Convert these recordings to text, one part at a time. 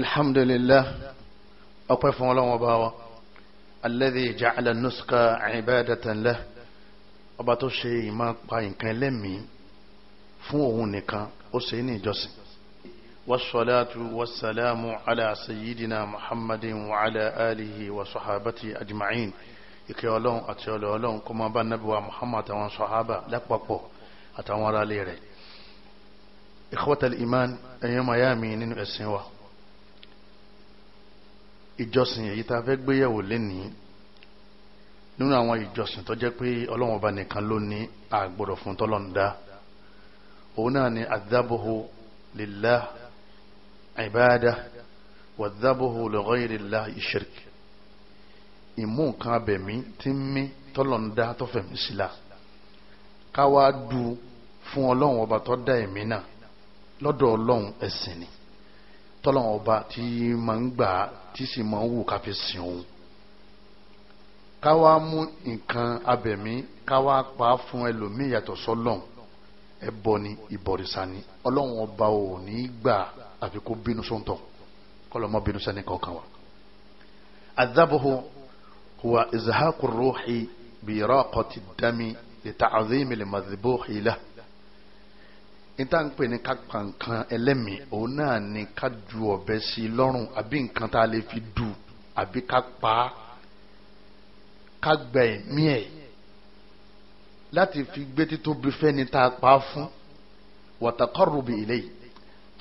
alhamdulillah ọpẹ́ fún ọlọ́wọ́n bá wa alladhi ja'ala nuska ibadatan lah ọba tó ṣe ìmá pa nǹkan lẹ́mìí fún òun nìkan ó ṣe ní ìjọsìn wassalatu wassalamu ala sayyidina muhammadin wa ala alihi wa sahabati ajma'in ìkẹ́ ọlọ́run àti ọlọ́ ọlọ́run kó máa bá nábíwá muhammad àtàwọn sọ̀hábà lápapọ̀ àtàwọn aráalé rẹ̀ ikhwatal iman ẹ̀yẹ́ miami nínú ẹ̀sìn wa ìjọsìn èyí tá a fẹ́ gbéyẹ̀wò lénìí nínú àwọn ìjọsìn tó jẹ́ pé ọlọ́run ọba nìkan ló ní àgbọ̀dọ̀ fún tọ́lọ́run dá òun náà ni adhabuhu lillah ibada wa adhabuhu li ghayri llah shirk ìmú nǹkan abẹ̀mí tí ń mí tọ́lọ́run tó fẹ̀mí sílá káwá du fún ọlọ́run ọba tó dá ẹ̀mí náà lọ́dọ̀ ọlọ́run ẹ̀sìn ni tọ́lọ́wọ́n ọba tí máa ń gbà tí sì máa ń wù ká fi sìn òun ká wá mú nǹkan abẹ̀mí ká wá pa á fún ẹlòmíì yàtọ̀ sọ́lọ́n ẹbọ ni ìbọ̀rìṣà ni ọlọ́wọ́n ọba ò ní gbà àfi kó bínú sóńtọ̀ kọlọ́mọ bínú sẹ́ni kankan wa. adhabuhu huwa izhaku ruhi bi iraqati dami li ta'zimi níta ń pè ní kápá nǹkan ẹlẹ́mìí òun náà ni ká ju ọ̀bẹ sí i lọ́rùn àbí nǹkan tá a lè fi dù àbí ká pa á ká gba ẹ̀mí ẹ̀ láti fi gbé títóbi fẹ́ni tá a pa á fún wàtàkọ́rùbì ilé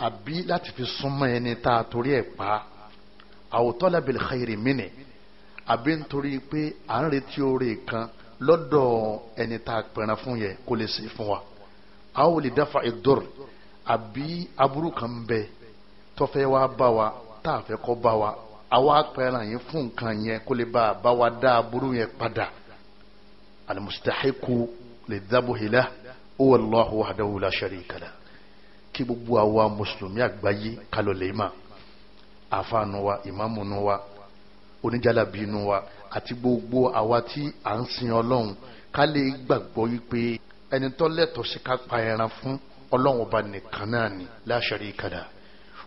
àbí láti fi súnmọ́ ẹni tá a torí ẹ̀ pa á àwòtọ́ lábẹ́lẹ̀ xayiri mìíní àbí nítorí pé à ń retí oore kan lọ́dọ̀ ẹni tá a pẹ̀rẹ̀ fún yẹ kó lè ṣe fún wa àwọn lè dáfa ìdọ́rọ̀ àbí aburú kan bẹ tọ́fẹ́ wa bá wa tá a fẹ́ kọ́ bá wa àwa pẹ̀lẹ́ yẹn fún nǹkan yẹn kó lè bá a bá wa dá aburú yẹn padà alimustahiku lè dábò hìlá ó wà lọ́hùn wahdahu la sharika lah kí gbogbo àwa mùsùlùmí àgbáyé kálọ̀ lè má wa ìmáàmù nu wa oníjàlábí nu wa àti gbogbo àwa tí à ń sin ọlọ́run ká lè gbàgbọ́ yí ẹni tó lẹ́tọ̀ọ́ sí ká pa ẹran fún ọlọ́run ọba nìkan náà ni la sharika lahu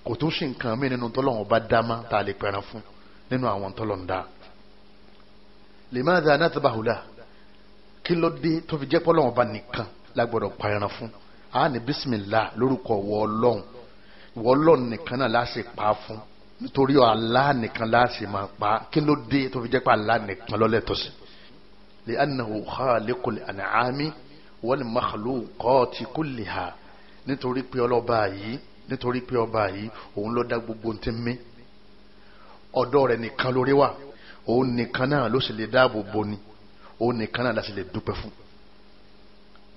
kò tún sí nǹkan mí nínú tọ́lọ́run ọba dámá tá a lè pẹran fún nínú àwọn tọ́lọ́run dá limadha natbahu lahu kí ló dé tó fi jẹ́ pọ́lọ́run ọba nìkan lágbọ́dọ̀ pa ẹran fún a ní bismillah lórúkọ wọ ọlọ́run nìkan náà láṣẹ pa á fún nítorí Allah nìkan láṣẹ máa pa kí ló dé tó fi jẹ́ pé Allah nìkan ló lẹ́tọ̀ọ́ sí li'annahu khaliqul an'ami wal makhluqati kulliha nítorí pé ọlọ́ba yìí nítorí pé ọba yìí òun ló dá gbogbo ti mí ọ̀dọ̀ rẹ̀ nìkan lórí wà òun nìkan náà ló sì lè dáàbò bo ni òun nìkan náà láti lè dúpẹ́ fún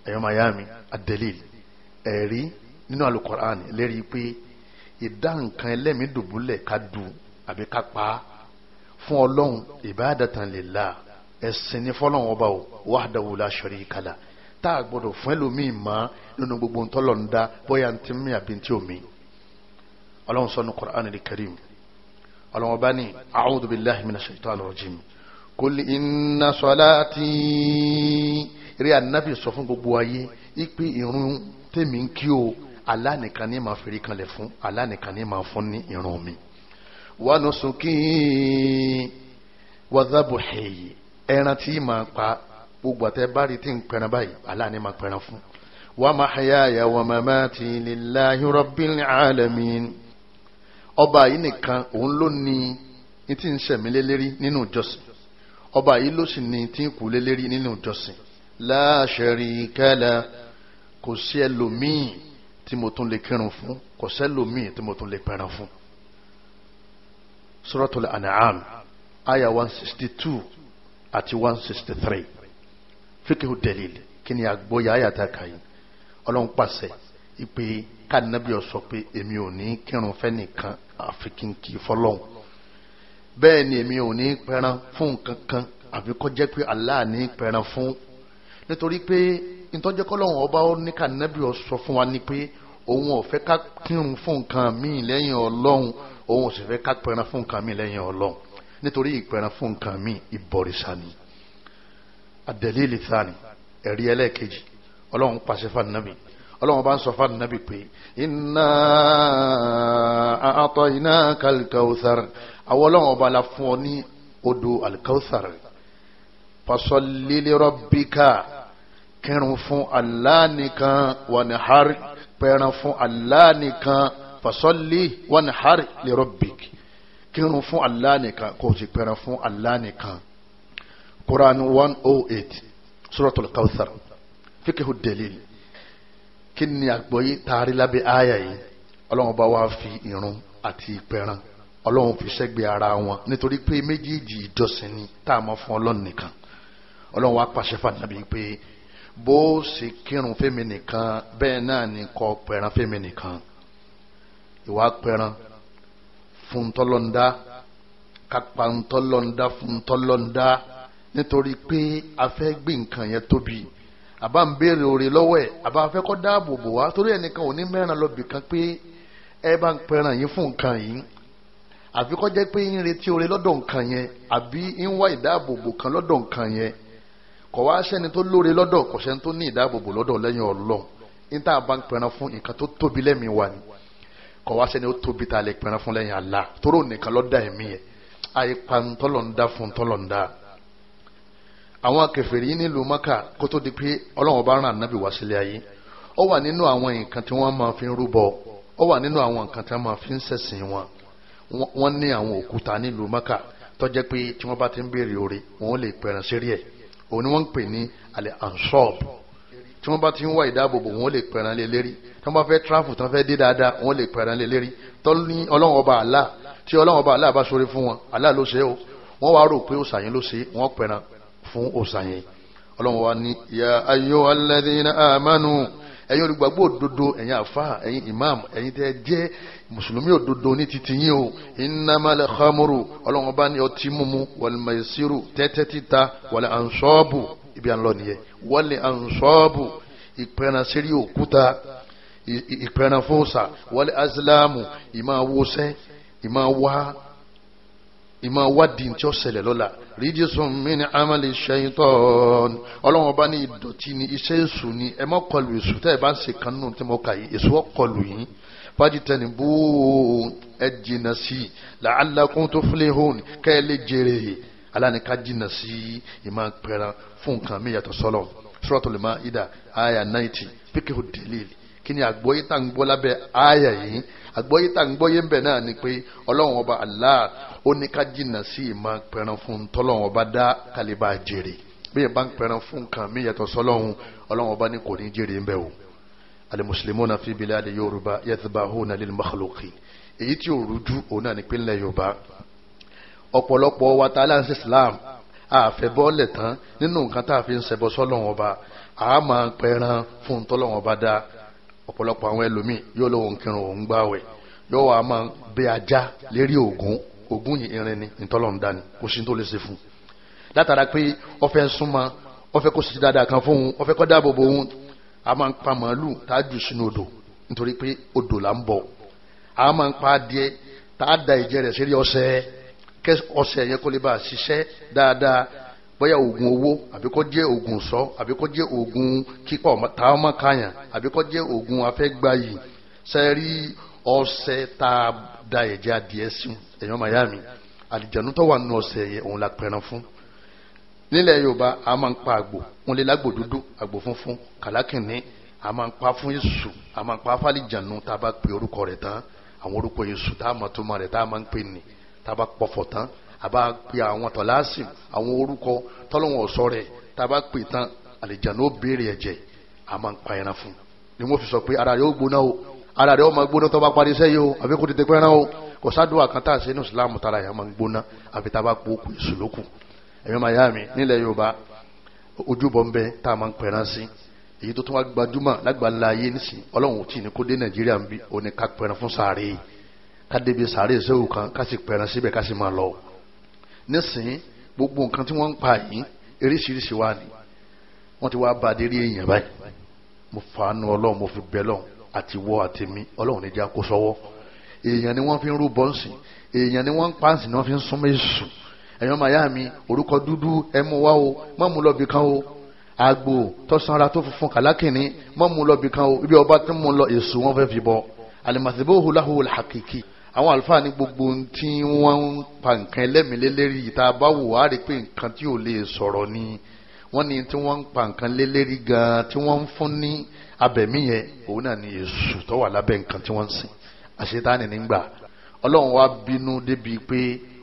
ẹ̀yọ́ miami adelil ẹ̀rí nínú alukoran lérí pé ìdá nǹkan ẹlẹ́mìí ká du àbí ká pa á fún ọlọ́run ìbádatan lillah ẹ̀sìn ní fọlọ́run ọba o wahdahu la sharika tá a gbọ́dọ̀ fún ẹlòmíì mọ́ nínú gbogbo ntọ́lọ̀ ń da bóyá ntí mi àbí ntí omi ọlọ́run sọ ní Qur'an ọlọ́run ọba ní a'udhu billahi minash shaitani rajim kul inna salati rí ànábì sọ fún gbogbo ayé ipe ìrun tèmi ń kí o Allah nìkan ní máa fèrè kanlẹ̀ fún Allah nìkan ní máa fún ní ìrun mi wa nusuki wa dhabuhi ẹran tí máa pa gbogbo àtẹ bá rí tí ń pẹran báyìí aláàní máa pẹran fún wa mahayaya wa mamati lillahi rabbil alamin ọba yìí nìkan òun ló ní ní tí ń sẹ̀mí lélẹ́rí nínú ìjọsìn ọba yìí ló sì ní tí ń kú lélẹ́rí nínú ìjọsìn la sharika la kò sí ẹlòmíì tí mo tún lè kírun fún kò sẹ́lòmíì tí mo tún lè pẹran fún suratul an'am aya 162 àti 163 fíkìhù dalil kí ni àgbóyà àyàtà kàyí ọlọ́run pàṣẹ ìpè kànábì ó sọ pé èmi ò ní kírun fẹ́nìkan àfi kí n kì í fọlọ́hún bẹ́ẹ̀ ni èmi ò ní pẹran fún nǹkan kan àfi kó jẹ́ pé Allah pẹran fún nítorí pé ìtọ́jẹ́ kọ́lọ́hún ọba ó ní kànábì ó fún wa ni pé òun ò fẹ́ ká kírun fún nǹkan mi lẹ́yìn ọlọ́run òun ò sì fẹ́ ká pẹran fún nǹkan míì lẹ́yìn ọlọ́run nítorí ìpẹran fún nǹkan míì ìbọ̀rìṣà ni àdẹ̀lẹ́lì thani ẹ̀rí ẹlẹ́ẹ̀kejì ọlọ́run pàṣẹ fanabi ọlọ́run bá ń sọ fanabi pé inna a'ataynaka al-kawthar àwọn ọlọ́run ọba la fún ọ ní odò al-kawthar fasalli li rabbika kírun fún Allah nìkan wanhar pẹran fún Allah nìkan fasalli wanhar li rabbik kírun fún Allah nìkan kò sì pẹran fún Allah Quran 108 oh eight suratul Kawthar fíkẹ́hù dẹ̀lẹ́l kí ni àgbọ̀yé taari lábẹ́ àyà yìí ọlọ́run bá wá fi irun àti ìpẹran ọlọ́run fi sẹ́gbẹ̀ẹ́ ara wọn nítorí pé méjèèjì ìjọsìn ni tá a mọ̀ fún ọlọ́run nìkan ọlọ́run wá pàṣẹ fàdínàbí pé bó ṣe kírun fẹ́mi nìkan bẹ́ẹ̀ náà ni kó pẹran fẹ́mi nìkan ìwà pẹran fún tọ́lọ́ndá kápá ń tọ́lọ́ndá fún tọ́lọ́ndá nítorí pé a fẹ́ gbé nǹkan yẹn tóbi àbá ń béèrè òrè lọ́wọ́ ẹ̀ àbá fẹ́ kọ́ dáàbò bò wá torí ẹnìkan ò ní mẹ́ràn lọ́bì kan pé ẹ bá ń pẹran yín fún nǹkan yìí àfi kọ́ jẹ́ pé ń retí òrè lọ́dọ̀ nǹkan yẹn àbí ń wá ìdáàbòbò kan lọ́dọ̀ nǹkan yẹn kò wá sẹ́ni tó lóore lọ́dọ̀ kò sẹ́ni tó ní ìdáàbòbò lọ́dọ̀ lẹ́yìn Ọlọ́run níta bá ń pẹran fún nǹkan tó tóbi àwọn kèfèrí yìí nílùú maka kó tó di pé ọlọ́run bá rán ànábì wá sílé ayé ó wà nínú àwọn nǹkan tí wọ́n máa fi ń rúbọ ó wà nínú àwọn nǹkan tí wọ́n máa fi ń ṣẹ̀sìn wọn wọ́n ní àwọn òkúta nílùú maka tó jẹ́ pé tí wọ́n bá ti ń béèrè oore wọn ò lè pẹ̀rẹ̀ sí ẹ̀ òun ni wọ́n ń pè ní alẹ́ ansọ́ọ̀b tí wọ́n bá ti ń wá ìdáàbòbò wọn ò lè pẹ̀rẹ̀ lé lérí tí wọ́n bá fẹ́ tráfù tí wọ́n fẹ́ dé dáadáa wọn fún òsàn yẹn ọlọ́run wa ní ya ayyuhal ladhina amanu ẹ̀yin olùgbàgbọ́ òdodo ẹ̀yin àfa ẹ̀yin imam ẹ̀yin tẹ́ jẹ́ mùsùlùmí òdodo ní titi yín o innamal khamru ọlọ́run bá ní ọtí mímu wal maisiru tẹ́tẹ́ títa wal ansọ́ọ̀bù ibi à nìyẹn wal ansọ́ọ̀bù ìpẹ́ran sérí òkúta ìpẹ́ran fóòsà wal azlamu ìmáa wọ́sẹ́ ìmáa wá ìmọ̀ wádìí tí ó ṣẹlẹ̀ lọ́la rídíṣùn mí ní amálẹ̀ ṣẹ́yìntàn ọlọ́run ọba ní ìdọ̀tí ni iṣẹ́ èṣù ni ẹ má kọlù èṣù tẹ́ ẹ bá ń ṣe kan nínú tí mo kà yìí èṣù ó kọlù yín fájì tẹ̀ ní ẹ jìnnà sí i làálàkún tó fúlẹ̀ hòn kẹ́ ẹ lè jèrè aláníká jìnnà sí ìmọ̀ pẹ̀rẹ̀ fún nǹkan mi yàtọ̀ sọ́lọ̀ Suratul Maida àyà 90 píkẹ́ òdèlè kí ni àgbọ́yé tá à ń gbọ́ lábẹ́ àyà yìí àgbọ́yé tá à ń gbọ́yé ńbẹ̀ náà ni pé ọlọ́run ọba Allah ó ní ká jìnnà sí ìmọ̀ pẹran fún tọ́lọ́run ọba dá kálíbà jèrè bí yẹn bá ń pẹran fún nǹkan mí yàtọ̀ sọ́lọ́run ọlọ́run ọba ní kò ní jèrè ńbẹ̀ o alimusulimuna fi biladi Yorùbá yathabahuna lil makhluqin èyí tí ò rújú òun náà ní pínlẹ̀ fún tọ́lọ́run ọba dáa ọ̀pọ̀lọpọ̀ àwọn ẹlòmíì yóò lóun kírun òun gbáwẹ̀ yóò wá máa bẹ ajá lérí ògún ògún yìí irin ni ìtọ́lọ́run dání kò sí tó lè ṣe fún un látara pé ọfẹ́ súnmọ́ ọfẹ́ kó sì dáadáa kan fún un ọfẹ́ kó dáàbò bo òun a máa ń pa màálù tá a jù sínú odò nítorí pé odò là ń bọ̀ a máa ń pa adìẹ tá a da ìjẹ rẹ̀ sí ọṣẹ kẹ ọṣẹ yẹn kó lè bá a ṣiṣẹ́ dáadáa bóyá oògùn owó àbí kó jẹ́ oògùn sọ àbí kó jẹ́ oògùn kíkọ́ táwọn kàyàn àbí kó jẹ́ oògùn afẹ́gbayì sẹ́rí ọṣẹ tá a da ẹ̀jẹ̀ adìẹ sí ẹ̀yọ́ mayami àlìjànú tó wà nù ọṣẹ yẹn òun la pẹran fún nílẹ̀ yorùbá a máa ń pa àgbò wọn lè lágbò dúdú àgbò funfun kàlákìnní a máa ń pa fún èṣù a máa ń pa fàlìjànú tá a bá pe orúkọ rẹ̀ tán àwọn orúkọ èṣù tá a máa tó máa rẹ̀ tá a máa ń pè ní tá a bá pọ̀fọ̀ tán àbá pe àwọn tọ̀láṣìm àwọn orúkọ tọ́lọ́wọ̀n ọ̀sọ́ rẹ̀ tá a bá pè tán àlìjànú ó béèrè ẹ̀jẹ̀ a máa ń pa ẹran fún ni wọ́n fi sọ pé ara rẹ̀ ó gbóná o ara rẹ̀ ó máa gbóná tó bá parí iṣẹ́ yìí o àbí kò tètè pẹ́ran o kò sádùn àkàntà sí inú ìsìlámù tara yẹn máa ń gbóná àbí tá a bá po okùn èṣù lókù ẹ̀yọ́ máa yá mi nílẹ̀ Yorùbá ojúbọ ń bẹ tá a máa ń pẹ̀ran sí èyí tó tún wá gbajúmọ̀ lágbàlá ayé nísìn ọlọ́run tí ní kó dé Nàìjíríà ń bí òní ká fún sàárè ká débi sàárè sẹ́wù kan ká sì pẹ̀ran síbẹ̀ ká sì máa lọ nísìnyí gbogbo nǹkan tí wọ́n ń pa yìí eríṣiríṣi wà ní wọ́n ti wá bá adé rí èèyàn báyìí mo fàánú ọlọ́run mo fi bẹ́ lọ́run àti wọ́ àti mi ọlọ́run níjà kó sọ́wọ́ èèyàn ni wọ́n fi ń rú bọ́ǹsì èèyàn ni wọ́n ń pàǹsì ni wọ́n fi ń súnmọ́ èṣù ẹ̀yọ́ màyá mi orúkọ dúdú ẹ mú wá o má mú lọ bìkan o àgbò tọ́sanra tó funfun kàlákìnní má mú lọ bìkan o ibi ọba tó mú lọ èṣù wọ́n fẹ́ fi bọ́ alimasibohu àwọn àlùfáà ní gbogbo tí wọ́n ń pa nǹkan ẹlẹ́mìlélérí ìta báwò á rí pé nǹkan tí ò lè sọ̀rọ̀ ni wọ́n ní tí wọ́n ń pa nǹkan lélérí gan-an tí wọ́n ń fún ní abẹ̀mí yẹn òun náà ni èṣù tó wà lábẹ́ nǹkan tí wọ́n ń sìn àṣetáni nígbà ọlọ́run wá bínú débi pé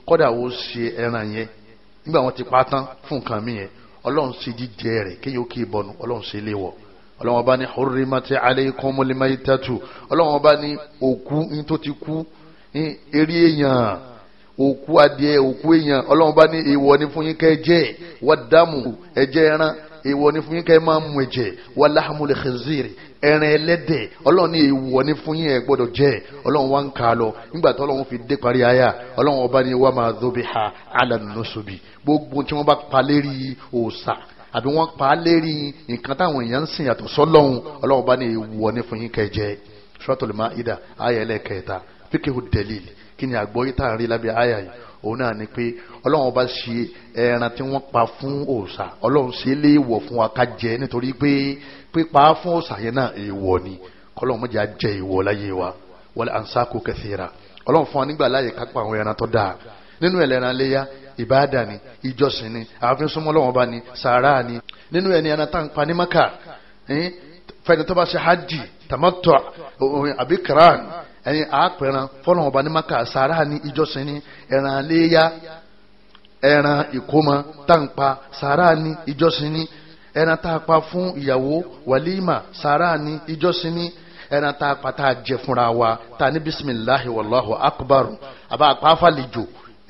kọ́dà ó ṣe ẹran yẹn nígbà wọ́n ti pa tán fún nǹkan mi yẹn ọlọ́run ṣe jíjẹ rẹ̀ kéye ó kí ìbọnu ọlọ́run eré èèyàn òkú adìẹ òkú èèyàn ọlọ́run ní èèwọ̀ ni fún yín kẹ́ jẹ́ wàdàmù ẹ̀jẹ̀ ẹran èèwọ̀ ni fún yín kẹ́ máa mú ẹ̀jẹ̀ wà láhàmúlẹ xezir ẹran ẹlẹ́dẹ̀ ọlọ́run ní èèwọ̀ ni fún yín ẹ gbọ́dọ̀ jẹ́ ọlọ́run wá ń kà á lọ nígbà tó ọlọ́run fi dé parí aya ọlọ́run ọba ni wà máa dóbi ha alànàṣobi gbogbo tí wọ́n bá pa lérí òòṣà àbí wọ́n pa lérí nǹkan táwọn èèyàn ń sìn yàtọ̀ sọ́lọ́run ọlọ́run bá ní èèwọ̀ ni fún yín kẹ́ jẹ́ suratul maida aya fíkìhù dẹ̀lìlì kí ni àgbọ́yé tá a rí lábẹ́ àyà yìí òun náà ni pé ọlọ́run bá ṣe ẹran tí wọ́n pa fún òòṣà ọlọ́run ṣe lé ìwọ̀ fún wa ká jẹ nítorí pé pípa fún òòṣà yẹn náà èèwọ̀ ni kọ́lọ́run mọ̀jà jẹ ìwọ̀ láyé wa wọlé ansáko kẹsìrà ọlọ́run fún wa nígbà láàyè kápá àwọn ẹran tó dáa nínú ẹlẹ́ran léyà ìbáàdà ni ìjọsìn ni ààfin súnmọ́ ọlọ́run bá ni sàárà ni nínú ẹni ẹran tá à ń pa ní maka fẹ́ni tó bá ṣe hajj tamattu àbí kran ẹ̀yin àpẹran fọlọ́n ọba ní maka sàrà ní ìjọsìn ní ẹran léyà ẹran ìkómọ tàǹpa sàrà ní ìjọsìn ní ẹran tá a pa fún ìyàwó wàlímà sàrà ní ìjọsìn ní ẹran tá a pa tá a jẹ fúnra wa tá a ní bisimilahi wàlláhu akbar àbá àpáfàlejò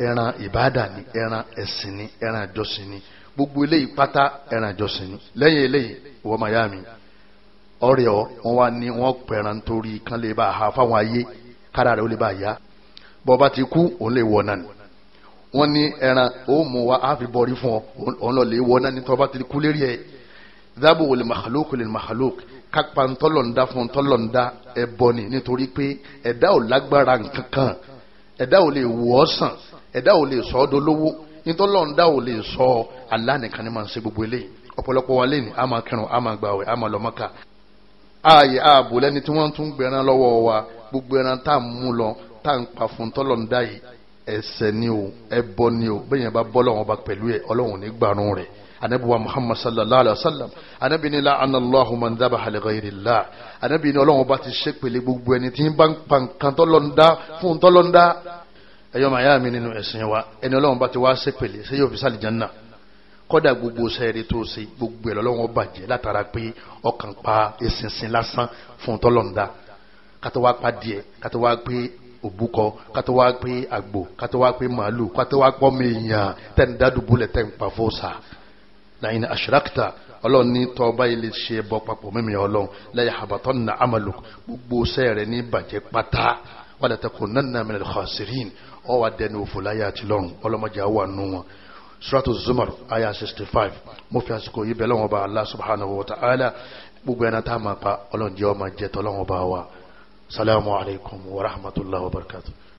ẹran ìbáàdà ni ẹran ẹ̀sìn ni ẹran ìjọsìn ni gbogbo eléyìí pátá ẹran ìjọsìn ni lẹ́yìn eléyìí wọ́n máa yá mi ọ̀rẹ́ ọ wọn wá ní wọn pẹran torí kan lè bá ha fáwọn ayé kára rẹ ó lè bá yá bọba ti kú òun lè wọ náà wọn ní ẹran ó mú wa á fi bọrí fún ọ òun lọ lè wọ náà ni tọba ti kú lérí ẹ dábò wòlé mahalóku lè mahalóku kápá ntọ́lọ̀ndá fún ntọ́lọ̀ndá ẹbọ ni nítorí pé ẹ̀dá ò lágbára nkankan ẹ̀dá ò lè wò ọ́ sàn ẹ̀dá ò lè sọ ọ́ dolówó ntọ́lọ̀ndá ò lè sọ Allah ni màá ń ṣe gbogbo eléyìí ọ̀pọ̀lọpọ̀ wa lẹ́yìn a máa kírun a máa gbàwẹ̀ a ààyè ààbò lẹ́ni tí wọ́n tún gbẹran lọ́wọ́ wa gbogbo ẹran tá à ń mú lọ tá à ń pa fún tọ́lọ̀ ń dá yìí ẹ̀ṣẹ̀ ni o ẹbọ ni o bẹ́ẹ̀ bá bọ́ lọ́wọ́ bá pẹ̀lú ẹ̀ ọlọ́run ní gbàrún rẹ̀ anabi muhammad sallallahu alaihi wa sallam anabi ni la'ana allahu man dhabaha li allah anabi ni ọlọ́run bá ti ṣe pèlè gbogbo ẹni tí ń bá ń pa nǹkan tọ́lọ̀ ń dá fún tọ́lọ̀ ń dá ẹ̀yọ́ màyá mi nínú ẹ̀sìn wa ẹni ọlọ́run bá ti wá ṣe yóò fi sálì jannah kọ́dà gbogbo sẹ́ẹ̀rì tó ṣe gbogbo ẹ̀ lọ́wọ́ bàjẹ́ látara pé ọkàn pa eṣinṣin lásán fún tọ́lọ́ǹda kátó wá pa díẹ̀ kátó wá pé òbúkọ kátó wá pé àgbò kátó wá pé màálù kátó wá pọ́ mi yàn tẹ́ni dádùbúlẹ̀ tẹ́ ń pa fóòsà lẹ́yìn àṣírákìtà ọlọ́run ní tọ́ba ilé ṣe bọ́ papọ̀ mímì ọlọ́run lẹ́yìn àbàtọ́ nà amalu gbogbo sẹ́ẹ̀rẹ̀ ní bàjẹ́ pátá wàlẹ̀ tẹkùn náà mẹ́rin xọ́sìrín ọ̀wà dẹni òfò láyé àtìlọ́run ọlọ́mọdé àwọn àánú wọn suratu zumar aya 65 mo fi àsìkò yìí bẹ̀rẹ̀ wọn allah subhanahu wa ta'ala gbogbo ẹ̀nà tá a pa ọlọ́njẹ́ ọmọ jẹ́ tọ́lọ́wọ́n bá wa salamu alaikum wa rahmatullahi wa barakatuh.